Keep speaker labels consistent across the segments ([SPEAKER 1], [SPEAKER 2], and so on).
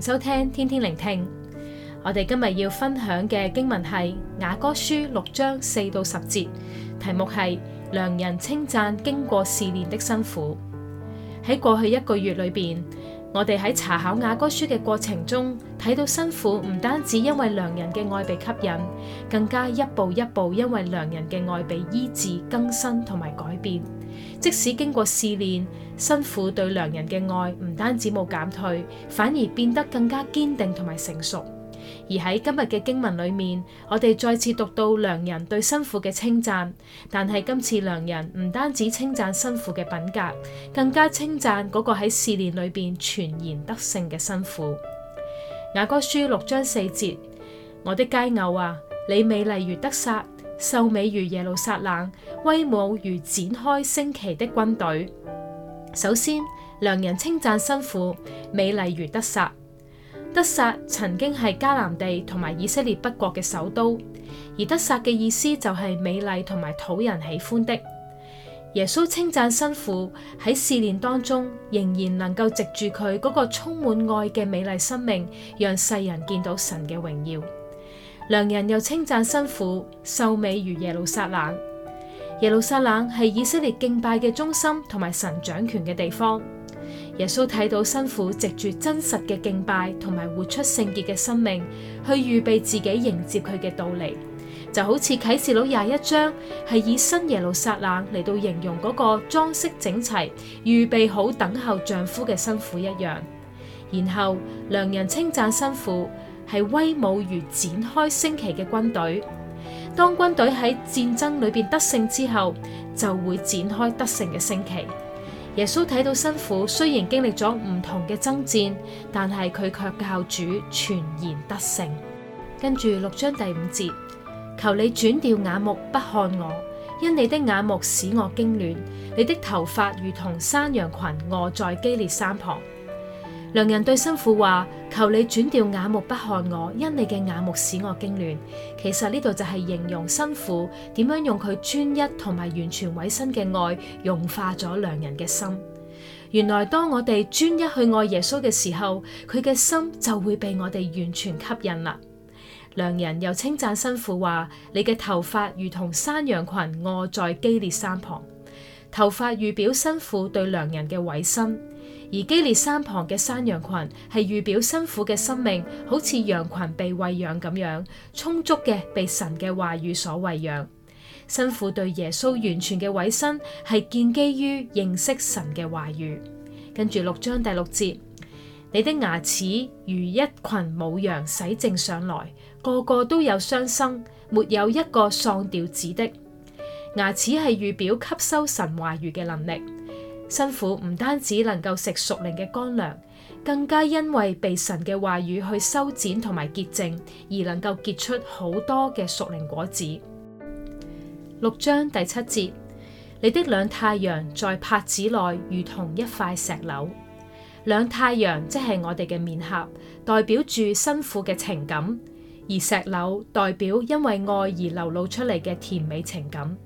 [SPEAKER 1] 收聽天天靈聽，我哋今日要分享嘅經文係雅歌書六章四到十節，題目係良人稱讚經過試煉的新婦。喺過去一個月裏邊，我哋喺查考雅歌書嘅過程中，睇到新婦唔單止因為良人嘅愛被吸引，更加一步一步因為良人嘅愛被醫治、更新同埋改變。即使經過試煉，新婦對良人嘅愛唔單止冇減退，反而變得更加堅定同埋成熟。而喺今日嘅經文裏面，我哋再次讀到良人對新婦嘅稱讚，但係今次良人唔單止稱讚新婦嘅品格，更加稱讚嗰個喺試煉裏邊全然得勝嘅新婦。雅歌書六章四節：我的佳偶啊，你美麗如得撒。秀美如耶路撒冷，威武如展開旌旗的軍隊。首先，良人稱讚新婦美麗如得撒。得撒曾經係迦南地同埋以色列北國嘅首都，而得撒嘅意思就係美麗同埋討人喜歡的。耶穌稱讚新婦喺試煉當中仍然能夠藉住佢嗰個充滿愛嘅美麗生命，讓世人見到神嘅榮耀。良人又稱讚新婦，秀美如耶路撒冷，耶路撒冷係以色列敬拜嘅中心，同埋神掌權嘅地方。耶穌睇到新婦藉住真實嘅敬拜，同埋活出聖潔嘅生命，去預備自己迎接佢嘅到嚟，就好似啟示錄廿一章係以新耶路撒冷嚟到形容嗰個裝飾整齊、預備好等候丈夫嘅新婦一樣。然後良人稱讚新婦。係威武如展開旌旗嘅軍隊。當軍隊喺戰爭裏邊得勝之後，就會展開得勝嘅旌旗。耶穌睇到新婦，雖然經歷咗唔同嘅爭戰，但係佢卻靠主全然得勝。跟住六章第五節，求你轉掉眼目不看我，因你的眼目使我驚亂，你的頭髮如同山羊群臥在基列山旁。良人對新婦話：求你轉掉眼目不看我，因你嘅眼目使我驚亂。其實呢度就係形容新婦，點樣用佢專一同埋完全委身嘅愛融化咗良人嘅心。原來當我哋專一去愛耶穌嘅時候，佢嘅心就會被我哋完全吸引啦。良人又稱讚新婦話：你嘅頭髮如同山羊群卧在基列山旁。頭髮預表新婦對良人嘅委身，而基列山旁嘅山羊群係預表新婦嘅生命，好似羊群被餵養咁樣，充足嘅被神嘅話語所餵養。新婦對耶穌完全嘅委身係建基於認識神嘅話語。跟住六章第六節，你的牙齒如一群母羊洗淨上來，個個都有雙生，沒有一個喪掉子的。牙齒係預表吸收神話語嘅能力。新婦唔單止能夠食屬靈嘅乾糧，更加因為被神嘅話語去修剪同埋潔淨，而能夠結出好多嘅屬靈果子。六章第七節，你的兩太陽在帕子內如同一塊石榴。兩太陽即係我哋嘅面頰，代表住新婦嘅情感，而石榴代表因為愛而流露出嚟嘅甜美情感。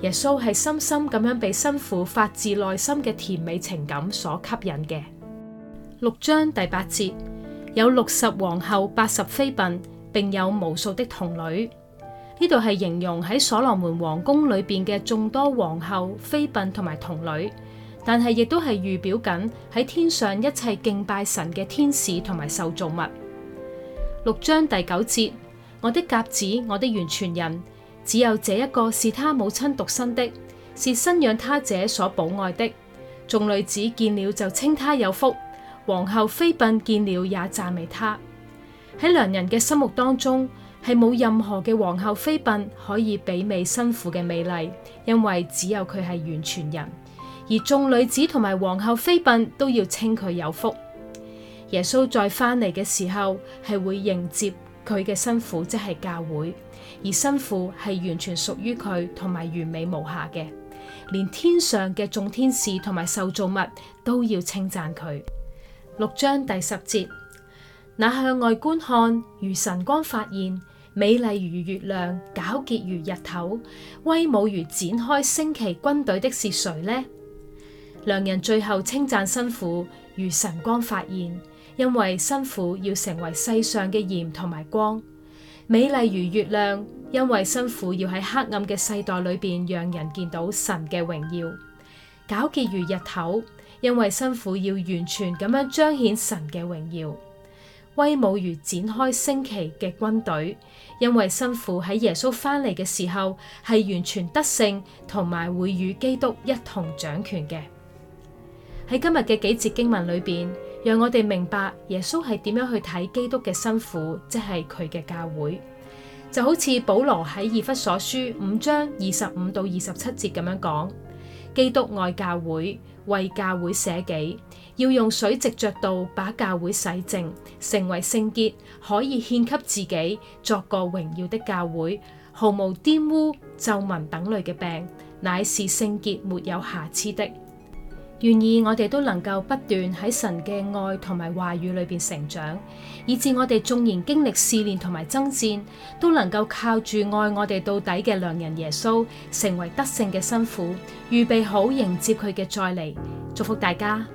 [SPEAKER 1] 耶穌係深深咁樣被新婦發自內心嘅甜美情感所吸引嘅。六章第八節，有六十王后、八十妃嬪，並有無數的童女。呢度係形容喺所羅門王宮裏邊嘅眾多王后、妃嬪同埋童女，但係亦都係預表緊喺天上一切敬拜神嘅天使同埋受造物。六章第九節，我的鴿子，我的完全人。只有這一個是他母親獨生的，是生養他者所寶愛的。眾女子見了就稱他有福，王后妃嬪見了也讚美他。喺良人嘅心目當中，係冇任何嘅王后妃嬪可以媲美新婦嘅美麗，因為只有佢係完全人。而眾女子同埋王后妃嬪都要稱佢有福。耶穌再翻嚟嘅時候，係會迎接。佢嘅新婦即係教會，而新婦係完全屬於佢同埋完美無瑕嘅，連天上嘅眾天使同埋受造物都要稱讚佢。六章第十節，那向外觀看如晨光發現，美麗如月亮，皎潔如日頭，威武如展開旌旗軍隊的是誰呢？良人最後稱讚新婦，如晨光發現。因為新婦要成為世上嘅鹽同埋光，美麗如月亮，因為新婦要喺黑暗嘅世代裏邊讓人見到神嘅榮耀；皎潔如日頭，因為新婦要完全咁樣彰顯神嘅榮耀；威武如展開旌旗嘅軍隊，因為新婦喺耶穌返嚟嘅時候係完全得勝同埋會與基督一同掌權嘅。喺今日嘅幾節經文裏邊。讓我哋明白耶穌係點樣去睇基督嘅新婦，即係佢嘅教會，就好似保羅喺以弗所書五章二十五到二十七節咁樣講：基督愛教會，為教會捨己，要用水藉著道，把教會洗淨，成為聖潔，可以獻給自己作個榮耀的教會，毫無玷污、皺紋等類嘅病，乃是聖潔、沒有瑕疵的。願意我哋都能夠不斷喺神嘅愛同埋話語裏邊成長，以至我哋縱然經歷試煉同埋爭戰，都能夠靠住愛我哋到底嘅良人耶穌，成為得勝嘅新婦，預備好迎接佢嘅再嚟。祝福大家。